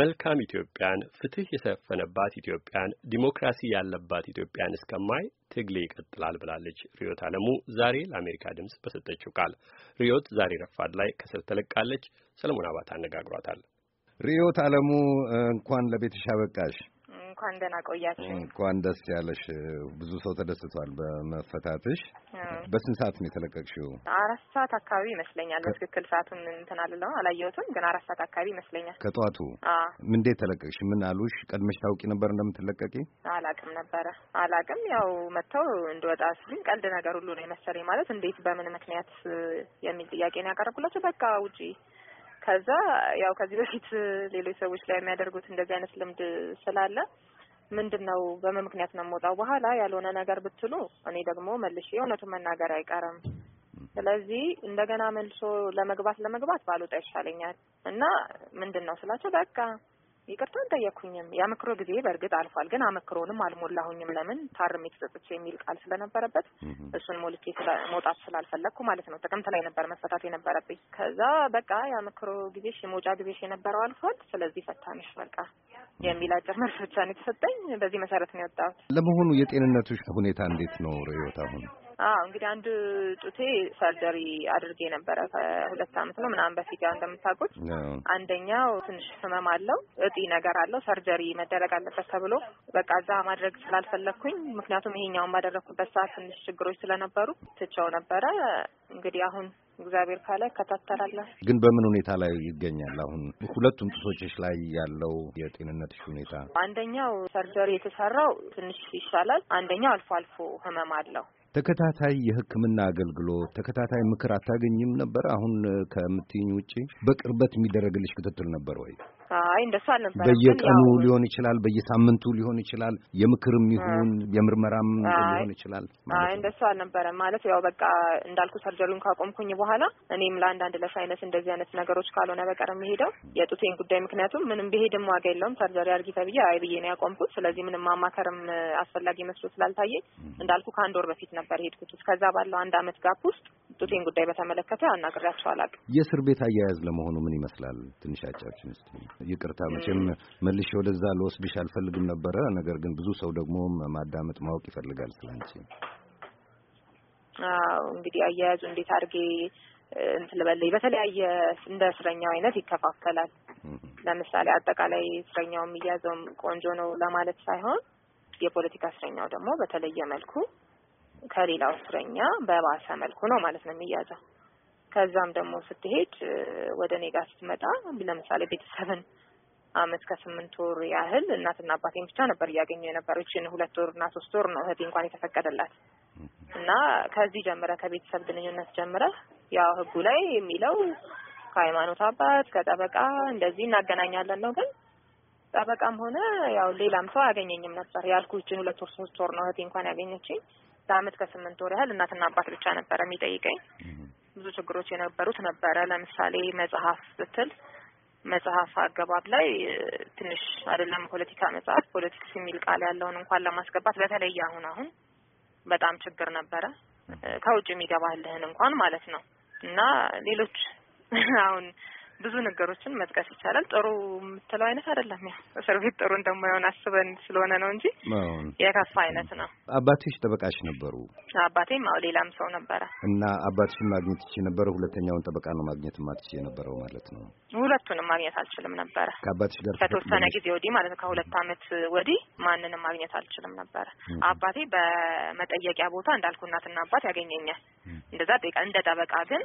መልካም ኢትዮጵያን፣ ፍትህ የሰፈነባት ኢትዮጵያን፣ ዲሞክራሲ ያለባት ኢትዮጵያን እስከማይ ትግሌ ይቀጥላል ብላለች ሪዮት አለሙ ዛሬ ለአሜሪካ ድምፅ በሰጠችው ቃል። ሪዮት ዛሬ ረፋድ ላይ ከስር ተለቃለች። ሰለሞን አባት አነጋግሯታል። ሪዮት አለሙ እንኳን ለቤተሻ በቃሽ። እንኳን ደህና ቆያችሁ። እንኳን ደስ ያለሽ። ብዙ ሰው ተደስቷል በመፈታትሽ። በስንት ሰዓት ነው የተለቀቅሽው? አራት ሰዓት አካባቢ ይመስለኛል። በትክክል ሰዓቱን እንትን አልለው አላየሁትም፣ ግን አራት ሰዓት አካባቢ ይመስለኛል ከጠዋቱ። እንዴት ተለቀቅሽ? ምን አሉሽ? ቀድመሽ ታውቂ ነበር እንደምትለቀቂ? አላቅም ነበረ አላቅም። ያው መጥተው እንደወጣ ግን ቀልድ ነገር ሁሉ ነው የመሰለኝ። ማለት እንዴት በምን ምክንያት የሚል ጥያቄ ነው ያቀረብኩላቸው። በቃ ውጪ ከዛ ያው ከዚህ በፊት ሌሎች ሰዎች ላይ የሚያደርጉት እንደዚህ አይነት ልምድ ስላለ ምንድን ነው በምን ምክንያት ነው የምወጣው በኋላ ያልሆነ ነገር ብትሉ እኔ ደግሞ መልሼ እውነቱን መናገር አይቀርም። ስለዚህ እንደገና መልሶ ለመግባት ለመግባት ባልወጣ ይሻለኛል እና ምንድን ነው ስላቸው በቃ ይቅርታ እንጠየኩኝም የአመክሮ ጊዜ በእርግጥ አልፏል፣ ግን አመክሮንም አልሞላሁኝም። ለምን ታርሜ ተጸጽቼ የሚል ቃል ስለነበረበት እሱን ሞልቼ መውጣት ስላልፈለግኩ ማለት ነው። ጥቅምት ላይ ነበር መፈታት የነበረብኝ። ከዛ በቃ የአመክሮ ጊዜሽ የመውጫ ጊዜሽ የነበረው አልፏል፣ ስለዚህ ፈታንሽ በቃ የሚል አጭር መልስ ብቻ ነው የተሰጠኝ። በዚህ መሰረት ነው የወጣሁት። ለመሆኑ የጤንነቱ ሁኔታ እንዴት ነው ርዕዮት አሁን? አዎ እንግዲህ አንድ ጡቴ ሰርጀሪ አድርጌ ነበረ ከሁለት አመት ነው ምናምን በፊት ያው እንደምታውቁት፣ አንደኛው ትንሽ ህመም አለው እጢ ነገር አለው ሰርጀሪ መደረግ አለበት ተብሎ በቃ እዛ ማድረግ ስላልፈለግኩኝ፣ ምክንያቱም ይሄኛውን ባደረግኩበት ሰዓት ትንሽ ችግሮች ስለነበሩ ትቸው ነበረ። እንግዲህ አሁን እግዚአብሔር ካለ እከታተላለሁ። ግን በምን ሁኔታ ላይ ይገኛል አሁን ሁለቱም ጡቶችሽ ላይ ያለው የጤንነትሽ ሁኔታ? አንደኛው ሰርጀሪ የተሰራው ትንሽ ይሻላል፣ አንደኛው አልፎ አልፎ ህመም አለው ተከታታይ የሕክምና አገልግሎት፣ ተከታታይ ምክር አታገኝም ነበር? አሁን ከምትኝ ውጪ በቅርበት የሚደረግልሽ ክትትል ነበር ወይ? አይ እንደሱ አልነበረ። በየቀኑ ሊሆን ይችላል፣ በየሳምንቱ ሊሆን ይችላል፣ የምክርም ይሁን የምርመራም ሊሆን ይችላል። አይ እንደሱ አልነበረም። ማለት ያው በቃ እንዳልኩ ሰርጀሪውን ካቆምኩኝ በኋላ እኔም ለአንዳንድ አይነት እንደዚህ አይነት ነገሮች ካልሆነ በቀር የሚሄደው የጡቴን ጉዳይ ምክንያቱም ምንም ብሄድም ዋጋ የለውም ሰርጀሪ አድርጊ ተብዬ አይ ብዬ ነው ያቆምኩት። ስለዚህ ምንም ማማከርም አስፈላጊ መስሎ ስላልታየኝ እንዳልኩ ከአንድ ወር በፊት ነበር ሄድኩት። ከዛ ባለው አንድ አመት ጋፕ ውስጥ ጡቴን ጉዳይ በተመለከተ አናግሬያቸው አላውቅም። የእስር ቤት አያያዝ ለመሆኑ ምን ይመስላል? ትንሽ አጫዎች ይቅርታ መቼም መልሼ ወደዛ ልወስድሽ አልፈልግም ነበረ። ነገር ግን ብዙ ሰው ደግሞ ማዳመጥ ማወቅ ይፈልጋል ስላንቺ። አዎ እንግዲህ አያያዙ እንዴት አድርጌ እንትን ልበለኝ፣ በተለያየ እንደ እስረኛው አይነት ይከፋፈላል። ለምሳሌ አጠቃላይ እስረኛው የሚያዘውም ቆንጆ ነው ለማለት ሳይሆን የፖለቲካ እስረኛው ደግሞ በተለየ መልኩ ከሌላው እስረኛ በባሰ መልኩ ነው ማለት ነው የሚያዘው። ከዛም ደግሞ ስትሄድ ወደ እኔ ጋር ስትመጣ ለምሳሌ ቤተሰብን አመት ከስምንት ወር ያህል እናትና አባቴን ብቻ ነበር እያገኘ የነበር። ሁለት ወር እና ሶስት ወር ነው እህቴ እንኳን የተፈቀደላት እና ከዚህ ጀምረ ከቤተሰብ ግንኙነት ጀምረ ያው ህጉ ላይ የሚለው ከሃይማኖት አባት ከጠበቃ እንደዚህ እናገናኛለን ነው። ግን ጠበቃም ሆነ ያው ሌላም ሰው አያገኘኝም ነበር ያልኩ። ይችን ሁለት ወር ሶስት ወር ነው እህቴ እንኳን ያገኘችኝ። ለአመት ከስምንት ወር ያህል እናትና አባት ብቻ ነበረ የሚጠይቀኝ። ብዙ ችግሮች የነበሩት ነበረ። ለምሳሌ መጽሐፍ ስትል መጽሐፍ አገባብ ላይ ትንሽ አይደለም ፖለቲካ መጽሐፍ ፖለቲክስ የሚል ቃል ያለውን እንኳን ለማስገባት በተለይ አሁን አሁን በጣም ችግር ነበረ። ከውጭ የሚገባልህን እንኳን ማለት ነው እና ሌሎች አሁን ብዙ ነገሮችን መጥቀስ ይቻላል። ጥሩ የምትለው አይነት አይደለም። ያ እስር ቤት ጥሩ እንደማይሆን አስበን ስለሆነ ነው እንጂ የከፋ አይነት ነው። አባትሽ ጠበቃሽ ነበሩ? አባቴም አው ሌላም ሰው ነበረ እና አባትሽን ማግኘት ይች ነበረ? ሁለተኛውን ጠበቃ ነው ማግኘት ማትች የነበረው ማለት ነው? ሁለቱንም ማግኘት አልችልም ነበረ። ከአባትሽ ጋር ከተወሰነ ጊዜ ወዲህ ማለት ነው፣ ከሁለት አመት ወዲህ ማንንም ማግኘት አልችልም ነበረ። አባቴ በመጠየቂያ ቦታ እንዳልኩ እናትና አባት ያገኘኛል። እንደዛ እንደ ጠበቃ ግን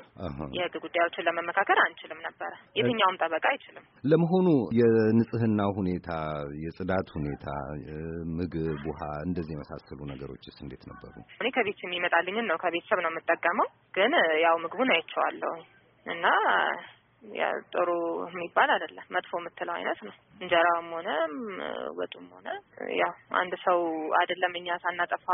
የህግ ጉዳዮችን ለመመካከር አንችልም ነበረ። የትኛውም ጠበቃ አይችልም። ለመሆኑ የንጽህና ሁኔታ፣ የጽዳት ሁኔታ፣ ምግብ፣ ውሃ እንደዚህ የመሳሰሉ ነገሮችስ እንዴት ነበሩ? እኔ ከቤት የሚመጣልኝን ነው ከቤተሰብ ነው የምጠቀመው። ግን ያው ምግቡን አይቼዋለሁ እና ጥሩ የሚባል አይደለም። መጥፎ የምትለው አይነት ነው። እንጀራም ሆነ ወጡም ሆነ ያው አንድ ሰው አይደለም እኛ ሳናጠፋ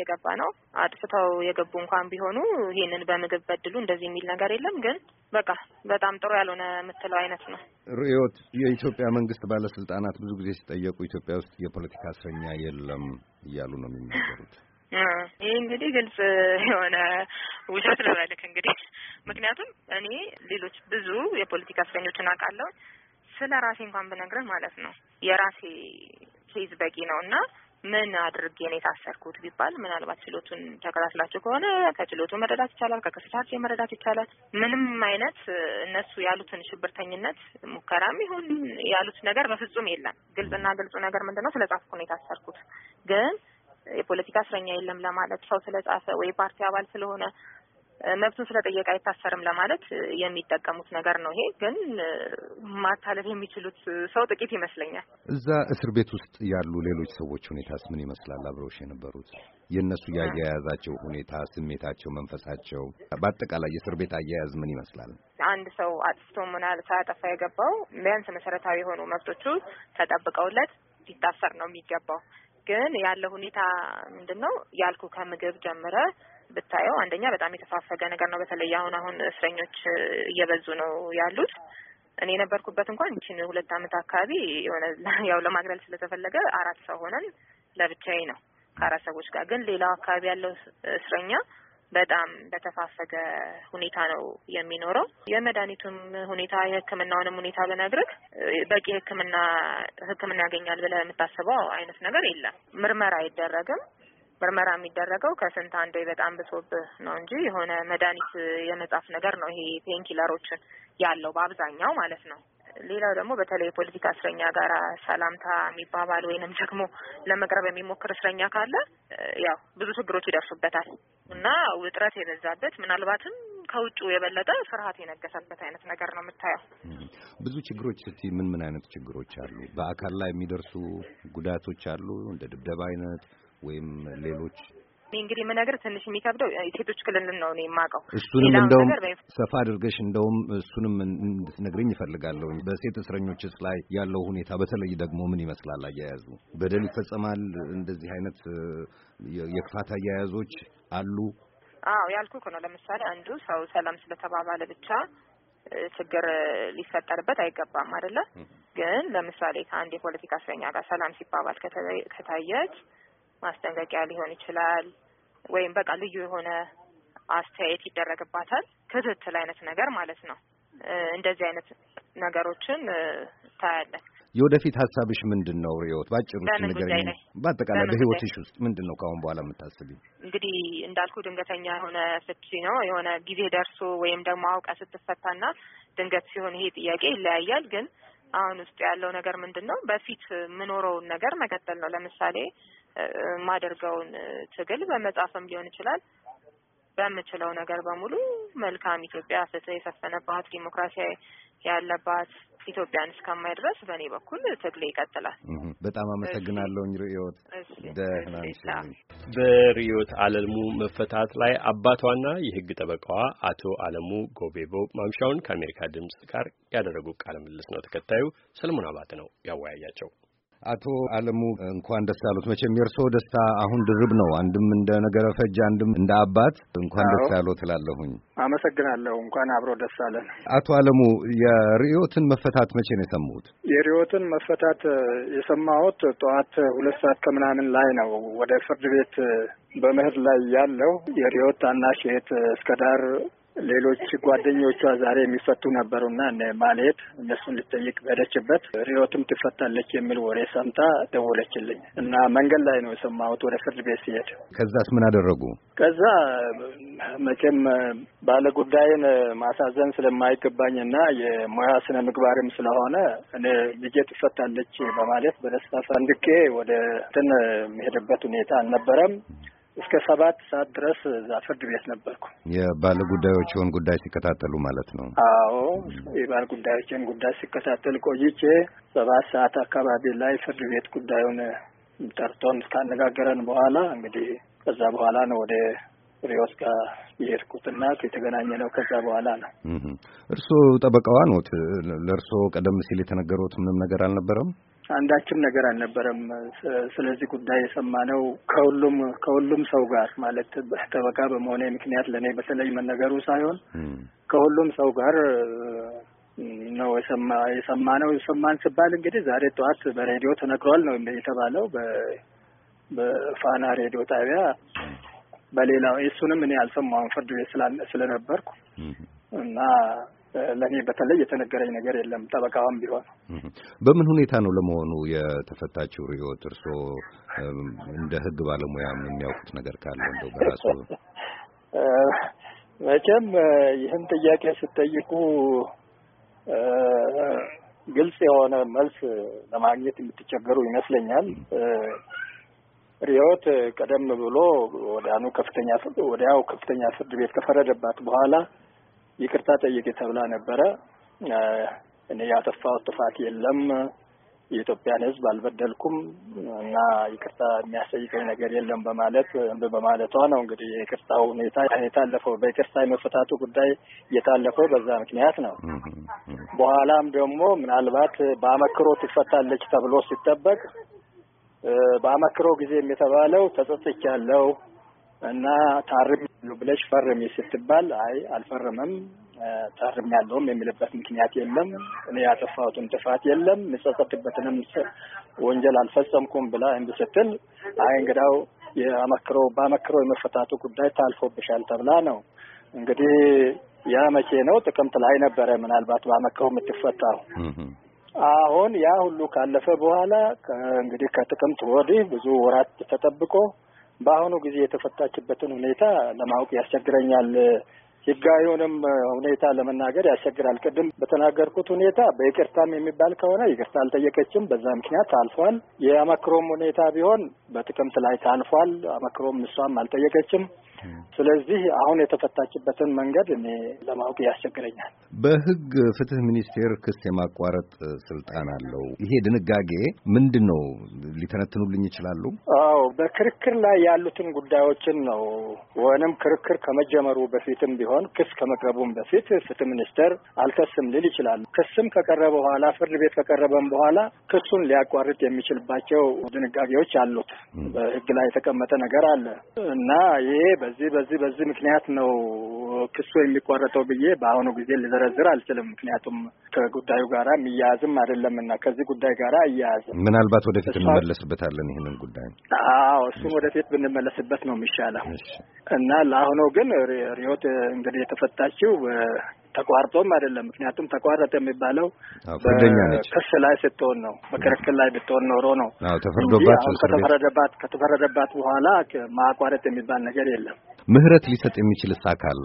የገባ ነው። አጥፍተው የገቡ እንኳን ቢሆኑ ይህንን በምግብ በድሉ እንደዚህ የሚል ነገር የለም። ግን በቃ በጣም ጥሩ ያልሆነ የምትለው አይነት ነው። ርዕዮት፣ የኢትዮጵያ መንግስት ባለስልጣናት ብዙ ጊዜ ሲጠየቁ ኢትዮጵያ ውስጥ የፖለቲካ እስረኛ የለም እያሉ ነው የሚናገሩት ይህ እንግዲህ ግልጽ የሆነ ውሸት ነው እንግዲህ ምክንያቱም እኔ ሌሎች ብዙ የፖለቲካ እስረኞችን አውቃለሁ። ስለ ራሴ እንኳን ብነግርህ ማለት ነው የራሴ ኬዝ በቂ ነው እና ምን አድርጌ ነው የታሰርኩት ቢባል ምናልባት ችሎቱን ተከታትላችሁ ከሆነ ከችሎቱ መረዳት ይቻላል፣ ከክስታቸው መረዳት ይቻላል። ምንም አይነት እነሱ ያሉትን ሽብርተኝነት ሙከራም ይሁን ያሉት ነገር በፍጹም የለም። ግልጽና ግልጹ ነገር ምንድን ነው ስለ ጻፍኩ ነው የታሰርኩት ግን የፖለቲካ እስረኛ የለም ለማለት ሰው ስለጻፈ ወይ ፓርቲ አባል ስለሆነ መብቱን ስለጠየቀ አይታሰርም ለማለት የሚጠቀሙት ነገር ነው። ይሄ ግን ማታለፍ የሚችሉት ሰው ጥቂት ይመስለኛል። እዛ እስር ቤት ውስጥ ያሉ ሌሎች ሰዎች ሁኔታስ ምን ይመስላል? አብረውሽ የነበሩት የእነሱ የአያያዛቸው ሁኔታ፣ ስሜታቸው፣ መንፈሳቸው፣ በአጠቃላይ የእስር ቤት አያያዝ ምን ይመስላል? አንድ ሰው አጥፍቶ ምናል ሳያጠፋ የገባው ቢያንስ መሰረታዊ የሆኑ መብቶቹ ተጠብቀውለት ሊታሰር ነው የሚገባው። ግን ያለው ሁኔታ ምንድን ነው ያልኩ ከምግብ ጀምረ ብታየው አንደኛ በጣም የተፋፈገ ነገር ነው። በተለይ አሁን አሁን እስረኞች እየበዙ ነው ያሉት። እኔ የነበርኩበት እንኳን ይችን ሁለት አመት አካባቢ የሆነ ያው ለማግለል ስለተፈለገ አራት ሰው ሆነን ለብቻዬ ነው ከአራት ሰዎች ጋር። ግን ሌላው አካባቢ ያለው እስረኛ በጣም በተፋፈገ ሁኔታ ነው የሚኖረው። የመድኃኒቱም ሁኔታ የሕክምናውንም ሁኔታ ብነግርህ በቂ ሕክምና ሕክምና ያገኛል ብለህ የምታስበው አይነት ነገር የለም። ምርመራ አይደረግም። ምርመራ የሚደረገው ከስንት አንዴ በጣም ብሶብህ ነው እንጂ የሆነ መድኃኒት የመጻፍ ነገር ነው ይሄ ፔንኪለሮችን ያለው በአብዛኛው ማለት ነው። ሌላው ደግሞ በተለይ የፖለቲካ እስረኛ ጋር ሰላምታ የሚባባል ወይንም ደግሞ ለመቅረብ የሚሞክር እስረኛ ካለ ያው ብዙ ችግሮች ይደርሱበታል እና ውጥረት የበዛበት ምናልባትም ከውጭ የበለጠ ፍርሃት የነገሰበት አይነት ነገር ነው የምታየው። ብዙ ችግሮች ስቲ ምን ምን አይነት ችግሮች አሉ? በአካል ላይ የሚደርሱ ጉዳቶች አሉ እንደ ድብደባ አይነት ወይም ሌሎች እንግዲህ የምነግርህ ትንሽ የሚከብደው ሴቶች ክልልን ነው እኔ የማውቀው። እሱንም እንደውም ሰፋ አድርገሽ እንደውም እሱንም እንድትነግርኝ ይፈልጋለሁ። በሴት እስረኞችስ ላይ ያለው ሁኔታ በተለይ ደግሞ ምን ይመስላል? አያያዙ በደል ይፈጸማል? እንደዚህ አይነት የክፋት አያያዞች አሉ? አዎ ያልኩህ ነው። ለምሳሌ አንዱ ሰው ሰላም ስለተባባለ ብቻ ችግር ሊፈጠርበት አይገባም አይደለ? ግን ለምሳሌ ከአንድ የፖለቲካ እስረኛ ጋር ሰላም ሲባባል ከታየች ማስጠንቀቂያ ሊሆን ይችላል። ወይም በቃ ልዩ የሆነ አስተያየት ይደረግባታል። ክትትል አይነት ነገር ማለት ነው። እንደዚህ አይነት ነገሮችን ታያለን። የወደፊት ሀሳብሽ ምንድን ነው ሪዮት? ባጭሩ ነገር በአጠቃላይ በህይወትሽ ውስጥ ምንድን ነው ከአሁን በኋላ የምታስቢ? እንግዲህ እንዳልኩ ድንገተኛ የሆነ ፍቺ ነው የሆነ ጊዜ ደርሶ ወይም ደግሞ አውቃ ስትፈታና ድንገት ሲሆን ይሄ ጥያቄ ይለያያል። ግን አሁን ውስጥ ያለው ነገር ምንድን ነው? በፊት የምኖረውን ነገር መቀጠል ነው። ለምሳሌ የማደርገውን ትግል በመጻፍም ሊሆን ይችላል በምችለው ነገር በሙሉ መልካም ኢትዮጵያ፣ ፍትህ የሰፈነባት ዲሞክራሲያዊ ያለባት ኢትዮጵያን እስከማይ ድረስ በእኔ በኩል ትግሌ ይቀጥላል። በጣም አመሰግናለሁኝ ርዕዮት። በርዕዮት አለሙ መፈታት ላይ አባቷና የህግ ጠበቃዋ አቶ አለሙ ጎቤቦ ማምሻውን ከአሜሪካ ድምጽ ጋር ያደረጉ ቃለ ምልልስ ነው። ተከታዩ ሰለሞን አባት ነው ያወያያቸው። አቶ አለሙ እንኳን ደስ ያሉት። መቼም የእርስዎ ደስታ አሁን ድርብ ነው። አንድም እንደ ነገረ ፈጅ፣ አንድም እንደ አባት እንኳን ደስ ያሉት እላለሁኝ። አመሰግናለሁ። እንኳን አብሮ ደስ አለን። አቶ አለሙ የርዕዮትን መፈታት መቼ ነው የሰማሁት? የርዕዮትን መፈታት የሰማሁት ጠዋት ሁለት ሰዓት ከምናምን ላይ ነው ወደ ፍርድ ቤት በመሄድ ላይ ያለው የርዕዮት ታናሽ እህት እስከ ዳር ሌሎች ጓደኞቿ ዛሬ የሚፈቱ ነበሩና እነ ማሌት እነሱን ልጠይቅ በሄደችበት ሪዮትም ትፈታለች የሚል ወሬ ሰምታ ደወለችልኝ እና መንገድ ላይ ነው የሰማሁት ወደ ፍርድ ቤት ሲሄድ። ከዛስ ምን አደረጉ? ከዛ መቼም ባለ ጉዳይን ማሳዘን ስለማይገባኝ እና የሙያ ስነ ምግባርም ስለሆነ እኔ ልጄ ትፈታለች በማለት በደስታ ፈንድቄ ወደ እንትን የሚሄድበት ሁኔታ አልነበረም። እስከ ሰባት ሰዓት ድረስ እዛ ፍርድ ቤት ነበርኩ። የባለ ጉዳዮችን ጉዳይ ሲከታተሉ ማለት ነው? አዎ የባለ ጉዳዮችን ጉዳይ ሲከታተል ቆይቼ ሰባት ሰዓት አካባቢ ላይ ፍርድ ቤት ጉዳዩን ጠርቶን እስካነጋገረን በኋላ እንግዲህ ከዛ በኋላ ነው ወደ ሪዮስ ጋር የሄድኩትና የተገናኘ ነው። ከዛ በኋላ ነው። እርስዎ ጠበቃዋ ኖት። ለእርስዎ ቀደም ሲል የተነገሩት ምንም ነገር አልነበረም? አንዳችም ነገር አልነበረም። ስለዚህ ጉዳይ የሰማነው ከሁሉም ከሁሉም ሰው ጋር ማለት ጠበቃ በመሆኔ ምክንያት ለእኔ በተለይ መነገሩ ሳይሆን ከሁሉም ሰው ጋር ነው የሰማ ነው የሰማን ስባል እንግዲህ ዛሬ ጠዋት በሬዲዮ ተነግሯል ነው የተባለው በፋና ሬዲዮ ጣቢያ በሌላው የእሱንም እኔ አልሰማሁም ፍርድ ቤት ስለነበርኩ እና ለእኔ በተለይ የተነገረኝ ነገር የለም። ጠበቃዋም ቢሆን በምን ሁኔታ ነው ለመሆኑ የተፈታችው ሪዮት? እርስዎ እንደ ህግ ባለሙያም የሚያውቁት ነገር ካለ እንደው በራሱ መቼም ይህን ጥያቄ ስትጠይቁ ግልጽ የሆነ መልስ ለማግኘት የምትቸገሩ ይመስለኛል። ሪዮት ቀደም ብሎ ወዲያኑ ከፍተኛ ወዲያው ከፍተኛ ፍርድ ቤት ከፈረደባት በኋላ ይቅርታ ጠይቄ ተብላ ነበረ። እኔ ያጠፋሁት ጥፋት የለም፣ የኢትዮጵያን ሕዝብ አልበደልኩም እና ይቅርታ የሚያስጠይቀኝ ነገር የለም በማለት በማለቷ ነው እንግዲህ የይቅርታው ሁኔታ የታለፈው በይቅርታ የመፈታቱ ጉዳይ የታለፈው በዛ ምክንያት ነው። በኋላም ደግሞ ምናልባት በአመክሮ ትፈታለች ተብሎ ሲጠበቅ በአመክሮ ጊዜም የተባለው ተጸጽቻለሁ እና ታርም ብለሽ ፈርሜ ስትባል አይ አልፈርምም ታርም ያለውም የሚልበት ምክንያት የለም እኔ ያጠፋሁትን ጥፋት የለም የምጸጸትበትንም ወንጀል አልፈጸምኩም ብላ እንዲህ ስትል አይ እንግዳው የአመክሮ በአመክሮ የመፈታቱ ጉዳይ ታልፎብሻል ተብላ ነው እንግዲህ ያ መቼ ነው ጥቅምት ላይ ነበረ ምናልባት በአመክሮ የምትፈታው አሁን ያ ሁሉ ካለፈ በኋላ እንግዲህ ከጥቅምት ወዲህ ብዙ ወራት ተጠብቆ በአሁኑ ጊዜ የተፈታችበትን ሁኔታ ለማወቅ ያስቸግረኛል። ህጋዊውንም ሁኔታ ለመናገር ያስቸግራል። ቅድም በተናገርኩት ሁኔታ በይቅርታም የሚባል ከሆነ ይቅርታ አልጠየቀችም፣ በዛ ምክንያት ታልፏል። የአመክሮም ሁኔታ ቢሆን በጥቅምት ላይ ታልፏል። አመክሮም እሷም አልጠየቀችም። ስለዚህ አሁን የተፈታችበትን መንገድ እኔ ለማወቅ ያስቸግረኛል። በህግ ፍትህ ሚኒስቴር ክስ የማቋረጥ ስልጣን አለው። ይሄ ድንጋጌ ምንድን ነው? ሊተነትኑልኝ ይችላሉ? አዎ፣ በክርክር ላይ ያሉትን ጉዳዮችን ነው ወይንም ክርክር ከመጀመሩ በፊትም ቢሆን ሳይሆን ክስ ከመቅረቡም በፊት ፍትህ ሚኒስቴር አልከስም ልል ይችላል። ክስም ከቀረበ በኋላ ፍርድ ቤት ከቀረበም በኋላ ክሱን ሊያቋርጥ የሚችልባቸው ድንጋጌዎች አሉት። በህግ ላይ የተቀመጠ ነገር አለ እና ይሄ በዚህ በዚህ በዚህ ምክንያት ነው ክሱ የሚቋረጠው ብዬ በአሁኑ ጊዜ ልዘረዝር አልችልም። ምክንያቱም ከጉዳዩ ጋር የሚያያዝም አይደለም እና ከዚህ ጉዳይ ጋር አያያዝ ምናልባት ወደፊት እንመለስበታለን። ይህንን ጉዳይ አዎ፣ እሱም ወደፊት ብንመለስበት ነው የሚሻለው እና ለአሁኑ ግን ሪዮት መንገድ የተፈታችው ተቋርጦም አይደለም። ምክንያቱም ተቋረጠ የሚባለው ክስ ላይ ስትሆን ነው። በክርክር ላይ ብትሆን ኖሮ ነው ተፈርዶባት ከተፈረደባት ከተፈረደባት በኋላ ማቋረጥ የሚባል ነገር የለም። ምህረት ሊሰጥ የሚችልስ አካል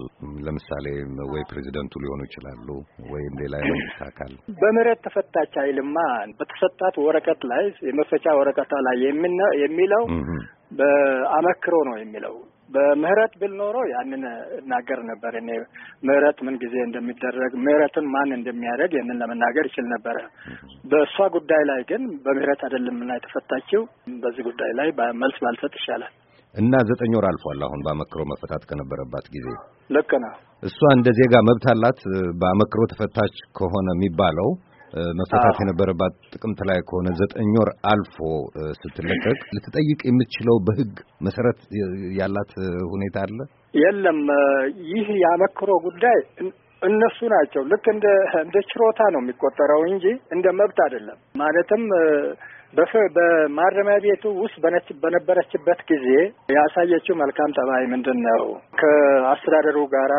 ለምሳሌ ወይ ፕሬዚደንቱ ሊሆኑ ይችላሉ ወይም ሌላ የመንግስት አካል በምህረት ተፈታች አይልማ። በተሰጣት ወረቀት ላይ የመፈቻ ወረቀቷ ላይ የሚለው በአመክሮ ነው የሚለው በምህረት ብል ኖሮ ያንን እናገር ነበር። እኔ ምህረት ምን ጊዜ እንደሚደረግ ምህረትን ማን እንደሚያደርግ ይህንን ለመናገር ይችል ነበረ። በእሷ ጉዳይ ላይ ግን በምህረት አይደለምና የተፈታችው። በዚህ ጉዳይ ላይ መልስ ባልሰጥ ይሻላል። እና ዘጠኝ ወር አልፏል። አሁን በአመክሮ መፈታት ከነበረባት ጊዜ ልክ ነው። እሷ እንደ ዜጋ መብት አላት። በአመክሮ ተፈታች ከሆነ የሚባለው መፈታት የነበረባት ጥቅምት ላይ ከሆነ ዘጠኝ ወር አልፎ ስትለቀቅ ልትጠይቅ የምትችለው በህግ መሰረት ያላት ሁኔታ አለ የለም። ይህ የአመክሮ ጉዳይ እነሱ ናቸው። ልክ እንደ እንደ ችሮታ ነው የሚቆጠረው እንጂ እንደ መብት አይደለም። ማለትም በማረሚያ ቤቱ ውስጥ በነበረችበት ጊዜ ያሳየችው መልካም ጠባይ ምንድን ነው? ከአስተዳደሩ ጋር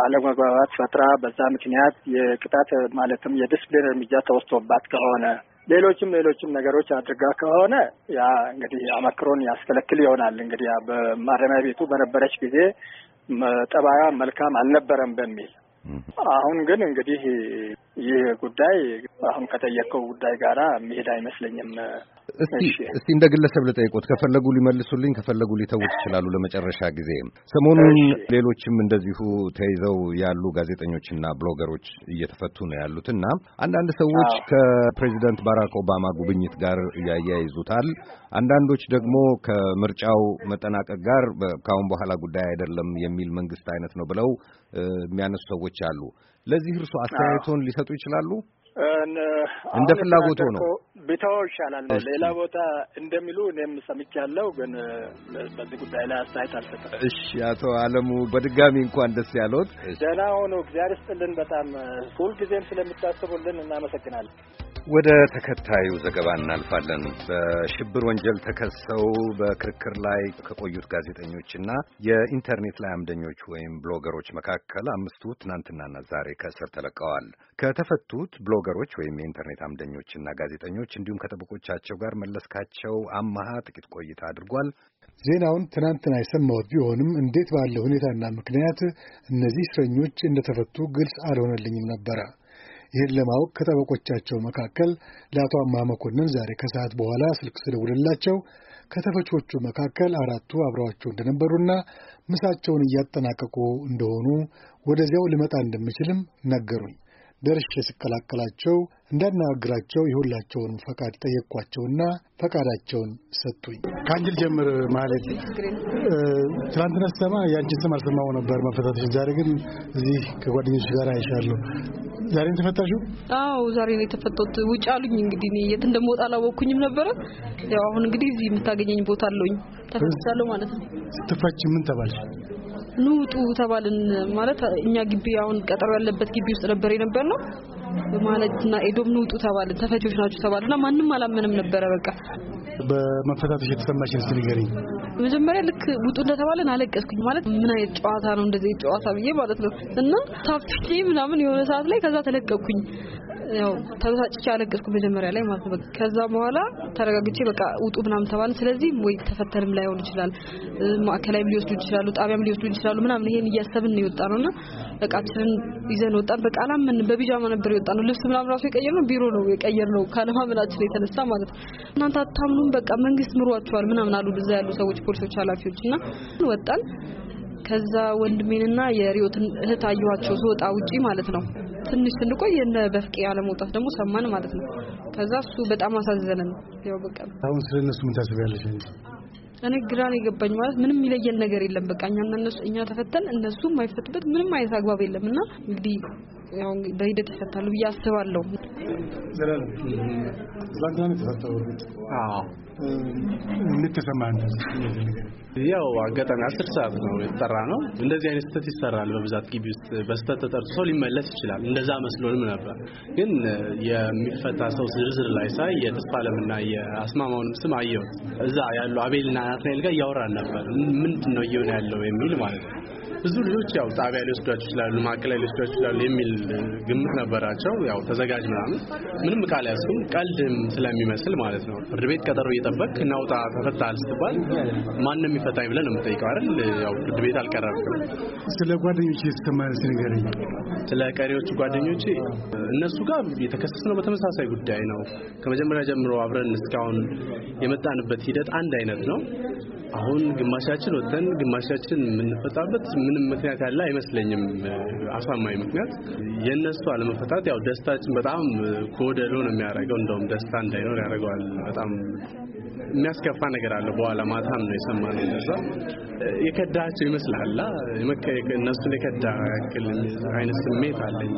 አለመግባባት ፈጥራ በዛ ምክንያት የቅጣት ማለትም የዲስፕሊን እርምጃ ተወስቶባት ከሆነ ሌሎችም ሌሎችም ነገሮች አድርጋ ከሆነ ያ እንግዲህ አመክሮን ያስከለክል ይሆናል። እንግዲህ በማረሚያ ቤቱ በነበረች ጊዜ ጠባያ መልካም አልነበረም በሚል አሁን ግን እንግዲህ ይህ ጉዳይ አሁን ከጠየቀው ጉዳይ ጋራ መሄድ አይመስለኝም። እስቲ እስቲ እንደ ግለሰብ ልጠይቆት ከፈለጉ ሊመልሱልኝ ከፈለጉ ሊተውት ይችላሉ። ለመጨረሻ ጊዜ ሰሞኑን ሌሎችም እንደዚሁ ተይዘው ያሉ ጋዜጠኞችና ብሎገሮች እየተፈቱ ነው ያሉት እና አንዳንድ ሰዎች ከፕሬዚደንት ባራክ ኦባማ ጉብኝት ጋር ያያይዙታል። አንዳንዶች ደግሞ ከምርጫው መጠናቀቅ ጋር ከአሁን በኋላ ጉዳይ አይደለም የሚል መንግስት አይነት ነው ብለው የሚያነሱ ሰዎች አሉ። ለዚህ እርሱ አስተያየቶን ሊሰጡ ይችላሉ? እንደ ፍላጎቱ ነው ቢተው ይሻላል ነው ሌላ ቦታ እንደሚሉ እኔም ሰምቻለሁ፣ ግን በዚህ ጉዳይ ላይ አስተያየት አልሰጠም። እሺ፣ አቶ አለሙ በድጋሚ እንኳን ደስ ያለዎት። ደህና ሆኖ እግዚአብሔር ይስጥልን። በጣም ሁልጊዜም ስለምታስቡልን እናመሰግናለን። ወደ ተከታዩ ዘገባ እናልፋለን። በሽብር ወንጀል ተከሰው በክርክር ላይ ከቆዩት ጋዜጠኞችና የኢንተርኔት ላይ አምደኞች ወይም ብሎገሮች መካከል አምስቱ ትናንትናና ዛሬ ከእስር ተለቀዋል። ከተፈቱት ብሎገሮች ወይም የኢንተርኔት አምደኞችና ጋዜጠኞች እንዲሁም ከጠበቆቻቸው ጋር መለስካቸው አማሃ ጥቂት ቆይታ አድርጓል። ዜናውን ትናንትና የሰማሁት ቢሆንም እንዴት ባለ ሁኔታና ምክንያት እነዚህ እስረኞች እንደተፈቱ ግልጽ አልሆነልኝም ነበረ። ይህን ለማወቅ ከጠበቆቻቸው መካከል ለአቶ አማ መኮንን ዛሬ ከሰዓት በኋላ ስልክ ስደውልላቸው ከተፈቾቹ መካከል አራቱ አብረዋቸው እንደነበሩና ምሳቸውን እያጠናቀቁ እንደሆኑ ወደዚያው ልመጣ እንደምችልም ነገሩኝ። ደርሼ ስቀላቀላቸው እንዳናግግራቸው የሁላቸውን ፈቃድ ጠየቅኳቸውና ፈቃዳቸውን ሰጡኝ። ከአንጅል ጀምር ማለት ትናንትና ስሰማ የአንቺን ስም አልሰማሁ ነበር መፈታተሽ። ዛሬ ግን እዚህ ከጓደኞች ጋር አይሻለሁ። ዛሬ ነው የተፈታሽው? አዎ ዛሬ ነው የተፈታሁት። ውጭ አሉኝ። እንግዲህ እኔ የት እንደምወጣ አላወቅኩኝም ነበረ። ያው አሁን እንግዲህ እዚህ የምታገኘኝ ቦታ አለውኝ ተፈትቻለሁ ማለት ነው። ስትፋች ምን ተባልሽ? ውጡ ተባልን። ማለት እኛ ግቢ አሁን ቀጠሮ ያለበት ግቢ ውስጥ ነበር የነበር ነው እና ኤዶም ንውጡ ተባልን። ተፈቾች ናችሁ ተባልና ማንም አላመንም ነበረ። በቃ በመፈታተሽ የተሰማሽን እስኪ ንገሪኝ። መጀመሪያ ልክ ውጡ እንደተባለን አለቀስኩኝ። ማለት ምን አይነት ጨዋታ ነው እንደዚህ ጨዋታ ብዬ ማለት ነው እና ታፍቼ ምናምን የሆነ ሰዓት ላይ ከዛ ተለቀኩኝ። ያው ተበሳጭቼ አለቀስኩ መጀመሪያ ላይ ማለት ነው። ከዛ በኋላ ተረጋግቼ በቃ ውጡ ምናምን ተባለ። ስለዚህ ወይ ተፈተንም ላይሆን ይችላል፣ ማዕከላይም ሊወስዱ ይችላሉ፣ ጣቢያም ሊወስዱ ይችላሉ ምናምን ይሄን እያሰብን ነው የወጣ ነውና እቃችንን ይዘን ወጣን። በቃ አላመንም። በቢጃማ ነበር የወጣ ነው። ልብስ ምናምን ራሱ ነው ቢሮ ነው የቀየርነው ካለማመናችን የተነሳ ማለት ነው። እናንተ አታምኑም፣ በቃ መንግስት ምሯቸዋል ምናምን አሉ እዛ ያሉ ሰዎች ፖሊሶች፣ ኃላፊዎች እና ወጣን ከዛ ወንድሜንና የሪዮትን እህት አየኋቸው ስወጣ ውጪ ማለት ነው። ትንሽ ስንቆይ የነ በፍቄ አለመውጣት ደግሞ ሰማን ማለት ነው። ከዛ እሱ በጣም አሳዘነን። ያው በቃ አሁን ስለ እነሱ ምን ታስቢያለሽ? እኔ ግራን የገባኝ። ማለት ምንም ይለየን ነገር የለም። በቃ እኛና እነሱ እኛ ተፈተን እነሱ የማይፈቱበት ምንም አይነት አግባብ የለም እና እንግዲህ ያው በሂደት ይፈታሉ ብዬ አስባለሁ። ያው አጋጣሚ አስር ሰዓት ነው የተጠራ ነው። እንደዚህ አይነት ስህተት ይሰራል በብዛት ግቢ ውስጥ በስህተት ተጠርቶ ሰው ሊመለስ ይችላል። እንደዛ መስሎንም ነበር፣ ግን የሚፈታ ሰው ዝርዝር ላይ ሳይ የተስፋለምና የአስማማውንም ስም አየሁት። እዛ ያሉ አቤልና ናትናኤል ጋር እያወራን ነበር ምንድን ነው እየሆነ ያለው የሚል ማለት ነው ብዙ ልጆች ያው ጣቢያ ሊወስዷቸው ይችላሉ፣ ማዕከላዊ ሊወስዷቸው ይችላሉ የሚል ግምት ነበራቸው። ያው ተዘጋጅ ምናምን ምንም ቃል ያስኩም ቀልድም ስለሚመስል ማለት ነው። ፍርድ ቤት ቀጠሮ እየጠበቅ እናውጣ ተፈታል ስትባል ማንም የሚፈታኝ ብለን ነው የምጠይቀው አይደል? ያው ፍርድ ቤት አልቀረብክም። ስለ ጓደኞች እስከማለት ንገረኝ። ስለ ቀሪዎቹ ጓደኞቼ እነሱ ጋር የተከሰስነው በተመሳሳይ ጉዳይ ነው። ከመጀመሪያ ጀምሮ አብረን እስካሁን የመጣንበት ሂደት አንድ አይነት ነው። አሁን ግማሻችን ወጥተን ግማሻችን የምንፈጣበት ምንም ምክንያት ያለ አይመስለኝም። አሳማኝ ምክንያት የእነሱ አለመፈታት ያው ደስታችን በጣም ከወደዶ ነው የሚያደርገው። እንደውም ደስታ እንዳይኖር ያደርገዋል። በጣም የሚያስከፋ ነገር አለ። በኋላ ማታም ነው የሰማነው። እንደዛ የከዳቸው ይመስላል እነሱን የከዳ ያክል አይነት ስሜት አለኝ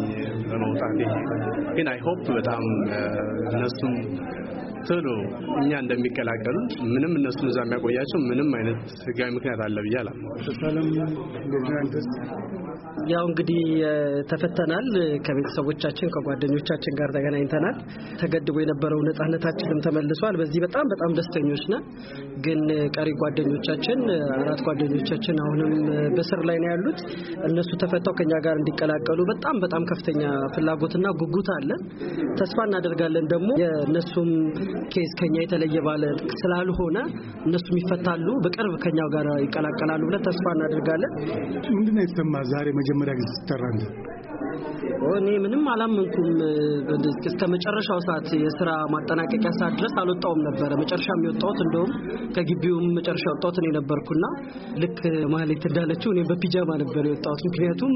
በመውጣቴ። ግን አይ ሆፕ በጣም እነሱም ቶሎ እኛ እንደሚቀላቀሉት ምንም እነሱን እዛ የሚያቆያቸው ምንም አይነት ህጋዊ ምክንያት አለ ብዬ አላምንም። ያው እንግዲህ ተፈተናል። ከቤተሰቦቻችን ከጓደኞቻችን ጋር ተገናኝተናል። ተገድቦ የነበረው ነጻነታችንም ተመልሷል። በዚህ በጣም በጣም ደስተኞች ነን። ግን ቀሪ ጓደኞቻችን አራት ጓደኞቻችን አሁንም በስር ላይ ነው ያሉት። እነሱ ተፈተው ከኛ ጋር እንዲቀላቀሉ በጣም በጣም ከፍተኛ ፍላጎትና ጉጉት አለ። ተስፋ እናደርጋለን ደግሞ የእነሱም ኬዝ ከኛ የተለየ ባለ ስላልሆነ እነሱም ይፈታሉ፣ በቅርብ ከኛው ጋር ይቀላቀላሉ ብለን ተስፋ እናደርጋለን። ምንድን ነው የተሰማ ዛሬ መጀመሪያ ጊዜ ሲጠራ እኔ ምንም አላመንኩም። እስከ መጨረሻው ሰዓት የስራ ማጠናቀቂያ ሰዓት ድረስ አልወጣውም ነበረ። መጨረሻ የሚወጣውት እንደውም ከግቢውም መጨረሻ ወጣውት እኔ ነበርኩና ልክ ማህሌት እንዳለችው እኔ በፒጃማ ነበር የወጣሁት። ምክንያቱም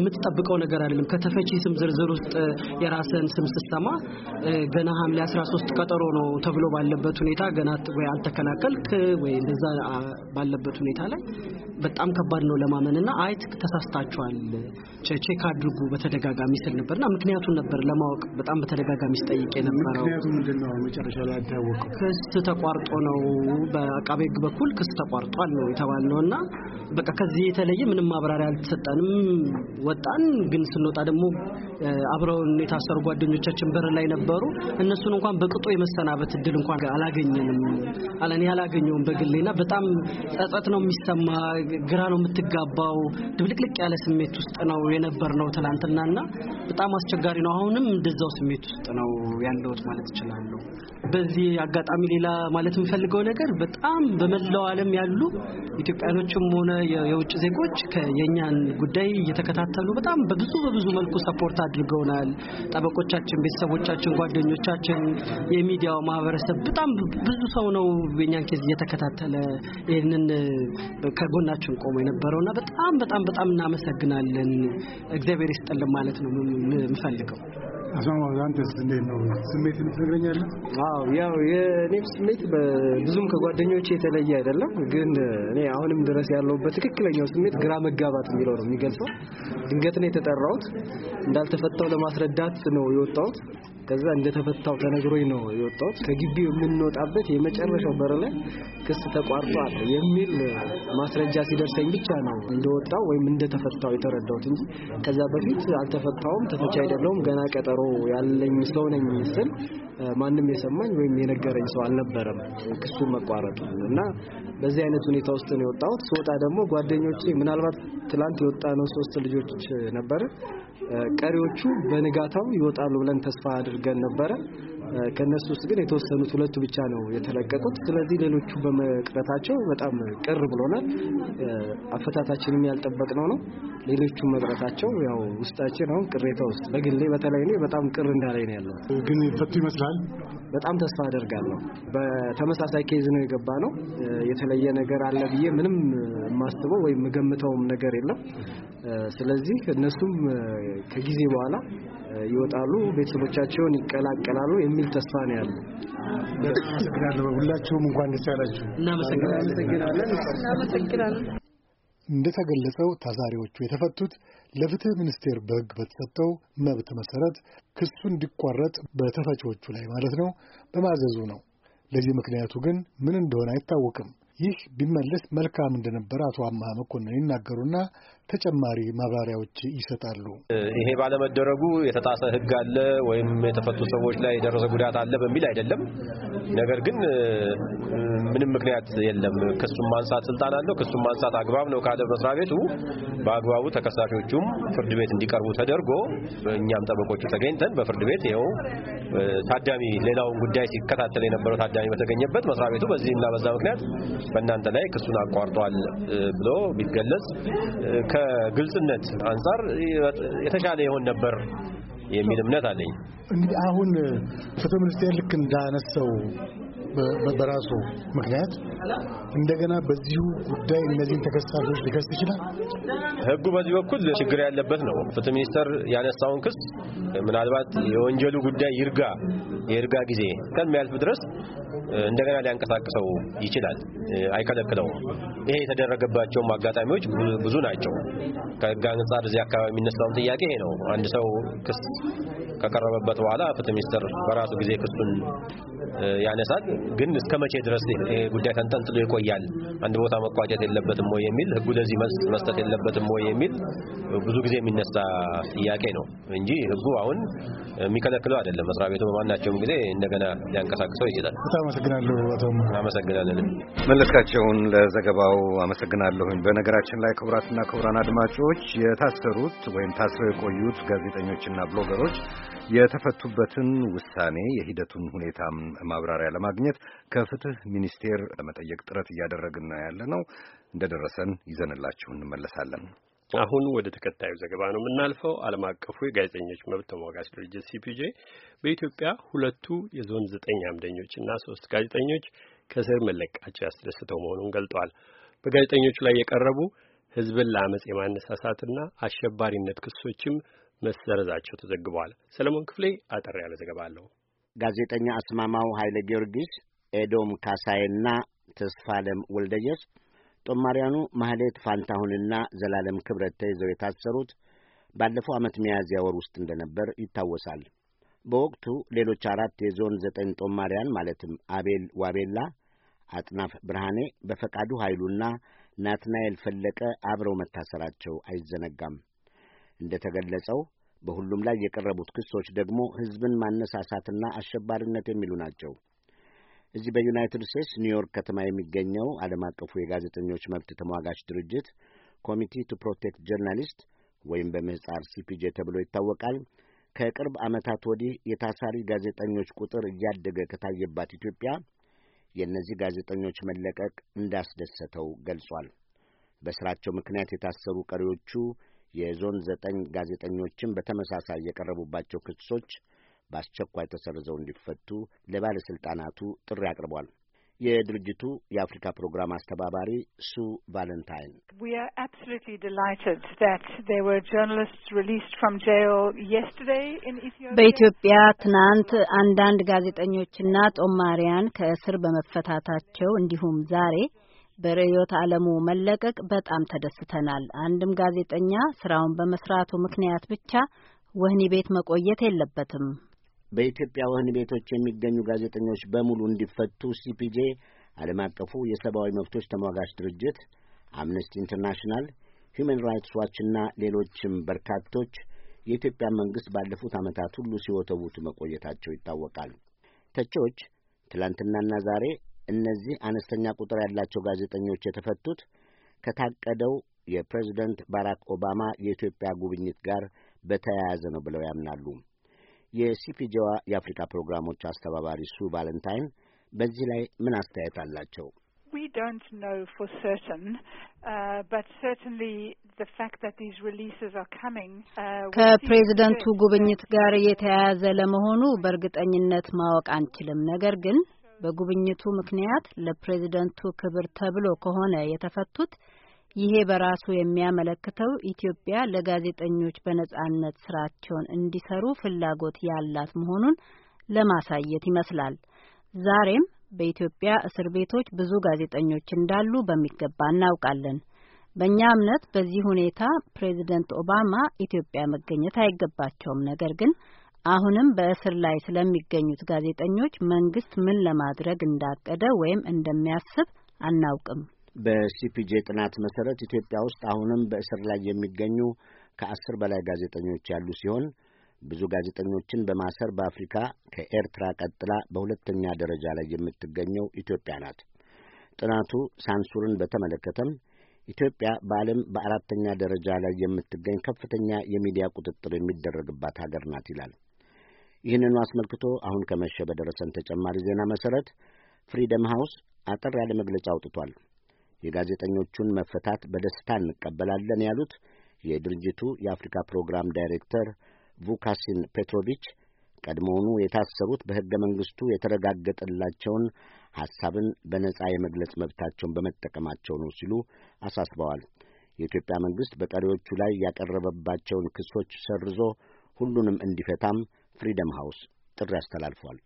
የምትጠብቀው ነገር አይደለም። ከተፈቺ ስም ዝርዝር ውስጥ የራስን ስም ስትሰማ ገና ሐምሌ 13 ቀጠሮ ነው ተብሎ ባለበት ሁኔታ ገና ወይ አልተከላከልክ ወይ እንደዛ ባለበት ሁኔታ ላይ በጣም ከባድ ነው ለማመንና አይት ተሳስታችኋል ቼክ አድርጉ በተደጋጋሚ ስል ነበርና ምክንያቱን ነበር ለማወቅ በጣም በተደጋጋሚ ስጠይቅ የነበረው መጨረሻ ላይ ክስ ተቋርጦ ነው በአቃቤ ሕግ በኩል ክስ ተቋርጧል ነው የተባልነው እና በቃ ከዚህ የተለየ ምንም ማብራሪያ አልተሰጠንም። ወጣን። ግን ስንወጣ ደግሞ አብረውን የታሰሩ ጓደኞቻችን በር ላይ ነበሩ። እነሱን እንኳን በቅጡ የመሰናበት እድል እንኳን አላገኘንም። አላኔ አላገኘውም በግሌና በጣም ጸጸት ነው የሚሰማ፣ ግራ ነው የምትጋባው፣ ድብልቅልቅ ያለ ስሜት ውስጥ ነው የነበር ነው ነው ትናንትናና በጣም አስቸጋሪ ነው። አሁንም እንደዛው ስሜት ውስጥ ነው ያለሁት ማለት እችላለሁ። በዚህ አጋጣሚ ሌላ ማለት የምፈልገው ነገር በጣም በመላው ዓለም ያሉ ኢትዮጵያኖችም ሆነ የውጭ ዜጎች የእኛን ጉዳይ እየተከታተሉ በጣም በብዙ በብዙ መልኩ ሰፖርት አድርገውናል። ጠበቆቻችን፣ ቤተሰቦቻችን፣ ጓደኞቻችን፣ የሚዲያው ማህበረሰብ በጣም ብዙ ሰው ነው የእኛን ኬዝ እየተከታተለ ይህንን ከጎናችን ቆሞ የነበረውና በጣም በጣም በጣም እናመሰግናለን። እግዚአብሔር ይስጥልን ማለት ነው የምፈልገው። አስማማው አንተስ እንዴት ነው ስሜት ትነግረኛለህ? አዎ ያው የኔም ስሜት ብዙም ከጓደኞቼ የተለየ አይደለም። ግን እኔ አሁንም ድረስ ያለው በትክክለኛው ስሜት ግራ መጋባት የሚለው ነው የሚገልጸው። ድንገት ነው የተጠራሁት፣ እንዳልተፈታው ለማስረዳት ነው የወጣሁት። ከዛ እንደተፈታው ተነግሮኝ ነው የወጣሁት። ከግቢ የምንወጣበት የመጨረሻው በር ላይ ክስ ተቋርጧል የሚል ማስረጃ ሲደርሰኝ ብቻ ነው እንደወጣው ወይም እንደተፈታው የተረዳሁት እንጂ ከዛ በፊት አልተፈታውም፣ ተፈቻ አይደለውም፣ ገና ቀጠሮ ያለኝ ሰው ነኝ ስል ማንም የሰማኝ ወይም የነገረኝ ሰው አልነበረም ክሱ መቋረጡ እና በዚህ አይነት ሁኔታ ውስጥ ነው የወጣሁት። ስወጣ ደግሞ ጓደኞቼ ምናልባት ትላንት የወጣ ነው ሶስት ልጆች ነበረ ቀሪዎቹ በንጋታው ይወጣሉ ብለን ተስፋ አድርገን ነበረ። ከነሱ ውስጥ ግን የተወሰኑት ሁለቱ ብቻ ነው የተለቀቁት። ስለዚህ ሌሎቹ በመቅረታቸው በጣም ቅር ብሎናል። አፈታታችንም ያልጠበቅነው ነው። ሌሎቹ መቅረታቸው ያው ውስጣችን አሁን ቅሬታ ውስጥ በግሌ በተለይ እኔ በጣም ቅር እንዳላይ ነው ያለው። ግን ፈቱ ይመስላል። በጣም ተስፋ አደርጋለሁ። በተመሳሳይ ኬዝ ነው የገባ ነው። የተለየ ነገር አለ ብዬ ምንም የማስበው ወይም የምገምተውም ነገር የለም። ስለዚህ እነሱም ከጊዜ በኋላ ይወጣሉ፣ ቤተሰቦቻቸውን ይቀላቀላሉ የሚል ተስፋ ነው ያለው። አመሰግናለሁ። ሁላችሁም እንኳን ደስ ያላችሁ። እናመሰግናለን። እንደተገለጸው ታሳሪዎቹ የተፈቱት ለፍትህ ሚኒስቴር በሕግ በተሰጠው መብት መሰረት ክሱ እንዲቋረጥ በተፈቺዎቹ ላይ ማለት ነው በማዘዙ ነው። ለዚህ ምክንያቱ ግን ምን እንደሆነ አይታወቅም። ይህ ቢመለስ መልካም እንደነበረ አቶ አምሃ መኮንን ይናገሩና ተጨማሪ ማብራሪያዎች ይሰጣሉ። ይሄ ባለመደረጉ የተጣሰ ሕግ አለ ወይም የተፈቱ ሰዎች ላይ የደረሰ ጉዳት አለ በሚል አይደለም። ነገር ግን ምንም ምክንያት የለም። ክሱን ማንሳት ስልጣን አለው። ክሱን ማንሳት አግባብ ነው ካለ መስሪያ ቤቱ በአግባቡ ተከሳሾቹም ፍርድ ቤት እንዲቀርቡ ተደርጎ እኛም ጠበቆቹ ተገኝተን በፍርድ ቤት ይኸው ታዳሚ ሌላውን ጉዳይ ሲከታተል የነበረው ታዳሚ በተገኘበት መስሪያ ቤቱ በዚህና በዛ ምክንያት በእናንተ ላይ ክሱን አቋርጧል ብሎ ቢገለጽ ከግልጽነት አንጻር የተሻለ ይሆን ነበር የሚል እምነት አለኝ። እንግዲህ አሁን ፍትህ ሚኒስቴር ልክ እንዳነሰው በራሱ ምክንያት እንደገና በዚሁ ጉዳይ እነዚህን ተከሳሾች ሊከስ ይችላል። ህጉ በዚህ በኩል ችግር ያለበት ነው። ፍትህ ሚኒስቴር ያነሳውን ክስ ምናልባት የወንጀሉ ጉዳይ ይርጋ የይርጋ ጊዜ ከሚያልፍ ድረስ እንደገና ሊያንቀሳቅሰው ይችላል፣ አይከለክለውም። ይሄ የተደረገባቸውም አጋጣሚዎች ብዙ ናቸው። ከህግ አንጻር እዚህ አካባቢ የሚነሳውን ጥያቄ ይሄ ነው። አንድ ሰው ክስ ከቀረበበት በኋላ ፍትህ ሚኒስቴር በራሱ ጊዜ ክሱን ያነሳል። ግን እስከ መቼ ድረስ ጉዳይ ተንጠልጥሎ ይቆያል? አንድ ቦታ መቋጨት የለበትም ወይ የሚል ህጉ ለዚህ መስጠት የለበትም ወይ የሚል ብዙ ጊዜ የሚነሳ ጥያቄ ነው እንጂ ህጉ አሁን የሚከለክለው አይደለም። መስሪያ ቤቱ በማናቸውም ጊዜ እንደገና ሊያንቀሳቅሰው ይችላል። አመሰግናለሁ። አቶ አመሰግናለን። መለስካቸውን ለዘገባው አመሰግናለሁኝ። በነገራችን ላይ ክቡራትና ክቡራን አድማጮች የታሰሩት ወይም ታስረው የቆዩት ጋዜጠኞችና ብሎገሮች የተፈቱበትን ውሳኔ የሂደቱን ሁኔታ ማብራሪያ ለማግኘት ከፍትህ ሚኒስቴር ለመጠየቅ ጥረት እያደረግን ነው ያለ ነው። እንደደረሰን ይዘንላችሁ እንመለሳለን። አሁን ወደ ተከታዩ ዘገባ ነው የምናልፈው። ዓለም አቀፉ የጋዜጠኞች መብት ተሟጋች ድርጅት ሲፒጄ በኢትዮጵያ ሁለቱ የዞን ዘጠኝ አምደኞችና ሶስት ጋዜጠኞች ከእስር መለቃቸው ያስደስተው መሆኑን ገልጧል። በጋዜጠኞቹ ላይ የቀረቡ ህዝብን ለአመፅ የማነሳሳትና አሸባሪነት ክሶችም መሰረዛቸው ተዘግቧል። ሰለሞን ክፍሌ አጠር ያለ ዘገባ አለው። ጋዜጠኛ አስማማው ኃይለ ጊዮርጊስ፣ ኤዶም ካሳይና ተስፋለም ወልደየስ ጦማሪያኑ ማህሌት ፋንታሁንና ዘላለም ክብረት ተይዘው የታሰሩት ባለፈው ዓመት ሚያዝያ ወር ውስጥ እንደነበር ይታወሳል። በወቅቱ ሌሎች አራት የዞን ዘጠኝ ጦማሪያን ማለትም አቤል ዋቤላ፣ አጥናፍ ብርሃኔ፣ በፈቃዱ ኃይሉና ናትናኤል ፈለቀ አብረው መታሰራቸው አይዘነጋም። እንደተገለጸው በሁሉም ላይ የቀረቡት ክሶች ደግሞ ሕዝብን ማነሳሳትና አሸባሪነት የሚሉ ናቸው። እዚህ በዩናይትድ ስቴትስ ኒውዮርክ ከተማ የሚገኘው ዓለም አቀፉ የጋዜጠኞች መብት ተሟጋች ድርጅት ኮሚቲ ቱ ፕሮቴክት ጀርናሊስት ወይም በምህጻር ሲፒጄ ተብሎ ይታወቃል። ከቅርብ ዓመታት ወዲህ የታሳሪ ጋዜጠኞች ቁጥር እያደገ ከታየባት ኢትዮጵያ የእነዚህ ጋዜጠኞች መለቀቅ እንዳስደሰተው ገልጿል። በሥራቸው ምክንያት የታሰሩ ቀሪዎቹ የዞን ዘጠኝ ጋዜጠኞችም በተመሳሳይ የቀረቡባቸው ክሶች በአስቸኳይ ተሰርዘው እንዲፈቱ ለባለሥልጣናቱ ጥሪ አቅርቧል። የድርጅቱ የአፍሪካ ፕሮግራም አስተባባሪ ሱ ቫለንታይን በኢትዮጵያ ትናንት አንዳንድ ጋዜጠኞችና ጦማሪያን ከእስር በመፈታታቸው እንዲሁም ዛሬ በርዕዮት ዓለሙ መለቀቅ በጣም ተደስተናል። አንድም ጋዜጠኛ ስራውን በመስራቱ ምክንያት ብቻ ወህኒ ቤት መቆየት የለበትም። በኢትዮጵያ ወህኒ ቤቶች የሚገኙ ጋዜጠኞች በሙሉ እንዲፈቱ ሲፒጄ፣ ዓለም አቀፉ የሰብአዊ መብቶች ተሟጋች ድርጅት፣ አምነስቲ ኢንተርናሽናል፣ ሁማን ራይትስ ዋችና ሌሎችም በርካቶች የኢትዮጵያ መንግሥት ባለፉት ዓመታት ሁሉ ሲወተውቱ መቆየታቸው ይታወቃል። ተቺዎች ትላንትናና ዛሬ እነዚህ አነስተኛ ቁጥር ያላቸው ጋዜጠኞች የተፈቱት ከታቀደው የፕሬዝደንት ባራክ ኦባማ የኢትዮጵያ ጉብኝት ጋር በተያያዘ ነው ብለው ያምናሉ። የሲፒጄዋ የአፍሪካ ፕሮግራሞች አስተባባሪ ሱ ቫለንታይን በዚህ ላይ ምን አስተያየት አላቸው? We uh, uh, ከፕሬዝደንቱ ጉብኝት ጋር የተያያዘ ለመሆኑ በእርግጠኝነት ማወቅ አንችልም። ነገር ግን በጉብኝቱ ምክንያት ለፕሬዝደንቱ ክብር ተብሎ ከሆነ የተፈቱት ይሄ በራሱ የሚያመለክተው ኢትዮጵያ ለጋዜጠኞች በነጻነት ስራቸውን እንዲሰሩ ፍላጎት ያላት መሆኑን ለማሳየት ይመስላል። ዛሬም በኢትዮጵያ እስር ቤቶች ብዙ ጋዜጠኞች እንዳሉ በሚገባ እናውቃለን። በእኛ እምነት በዚህ ሁኔታ ፕሬዝደንት ኦባማ ኢትዮጵያ መገኘት አይገባቸውም። ነገር ግን አሁንም በእስር ላይ ስለሚገኙት ጋዜጠኞች መንግስት ምን ለማድረግ እንዳቀደ ወይም እንደሚያስብ አናውቅም። በሲፒጄ ጥናት መሰረት ኢትዮጵያ ውስጥ አሁንም በእስር ላይ የሚገኙ ከአስር በላይ ጋዜጠኞች ያሉ ሲሆን ብዙ ጋዜጠኞችን በማሰር በአፍሪካ ከኤርትራ ቀጥላ በሁለተኛ ደረጃ ላይ የምትገኘው ኢትዮጵያ ናት። ጥናቱ ሳንሱርን በተመለከተም ኢትዮጵያ በዓለም በአራተኛ ደረጃ ላይ የምትገኝ ከፍተኛ የሚዲያ ቁጥጥር የሚደረግባት ሀገር ናት ይላል። ይህንኑ አስመልክቶ አሁን ከመሸ በደረሰን ተጨማሪ ዜና መሰረት ፍሪደም ሃውስ አጠር ያለ መግለጫ አውጥቷል። የጋዜጠኞቹን መፈታት በደስታ እንቀበላለን ያሉት የድርጅቱ የአፍሪካ ፕሮግራም ዳይሬክተር ቩካሲን ፔትሮቪች ቀድሞውኑ የታሰሩት በሕገ መንግሥቱ የተረጋገጠላቸውን ሐሳብን በነጻ የመግለጽ መብታቸውን በመጠቀማቸው ነው ሲሉ አሳስበዋል። የኢትዮጵያ መንግሥት በቀሪዎቹ ላይ ያቀረበባቸውን ክሶች ሰርዞ ሁሉንም እንዲፈታም ፍሪደም ሃውስ ጥሪ አስተላልፏል።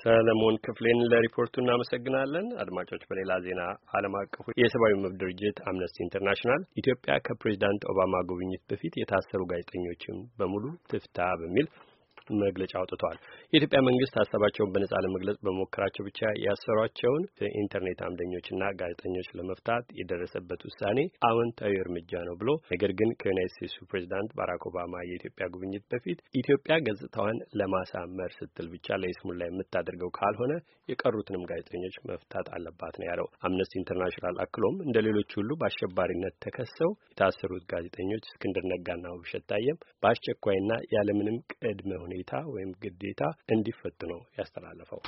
ሰለሞን ክፍሌን ለሪፖርቱ እናመሰግናለን። አድማጮች፣ በሌላ ዜና ዓለም አቀፉ የሰብአዊ መብት ድርጅት አምነስቲ ኢንተርናሽናል ኢትዮጵያ ከፕሬዚዳንት ኦባማ ጉብኝት በፊት የታሰሩ ጋዜጠኞችን በሙሉ ትፍታ በሚል መግለጫ አውጥቷል። የኢትዮጵያ መንግስት ሀሳባቸውን በነጻ ለመግለጽ በሞከራቸው ብቻ ያሰሯቸውን የኢንተርኔት አምደኞችና ጋዜጠኞች ለመፍታት የደረሰበት ውሳኔ አዎንታዊ እርምጃ ነው ብሎ ነገር ግን ከዩናይት ስቴትሱ ፕሬዚዳንት ባራክ ኦባማ የኢትዮጵያ ጉብኝት በፊት ኢትዮጵያ ገጽታዋን ለማሳመር ስትል ብቻ ለይስሙላ የምታደርገው ካልሆነ የቀሩትንም ጋዜጠኞች መፍታት አለባት ነው ያለው። አምነስቲ ኢንተርናሽናል አክሎም እንደ ሌሎች ሁሉ በአሸባሪነት ተከሰው የታሰሩት ጋዜጠኞች እስክንድር ነጋና ውብሸት ታየም በአስቸኳይና ያለምንም ቅድመ ሁኔታ ሁኔታ ወይም ግዴታ ነው ያስተላለፈው።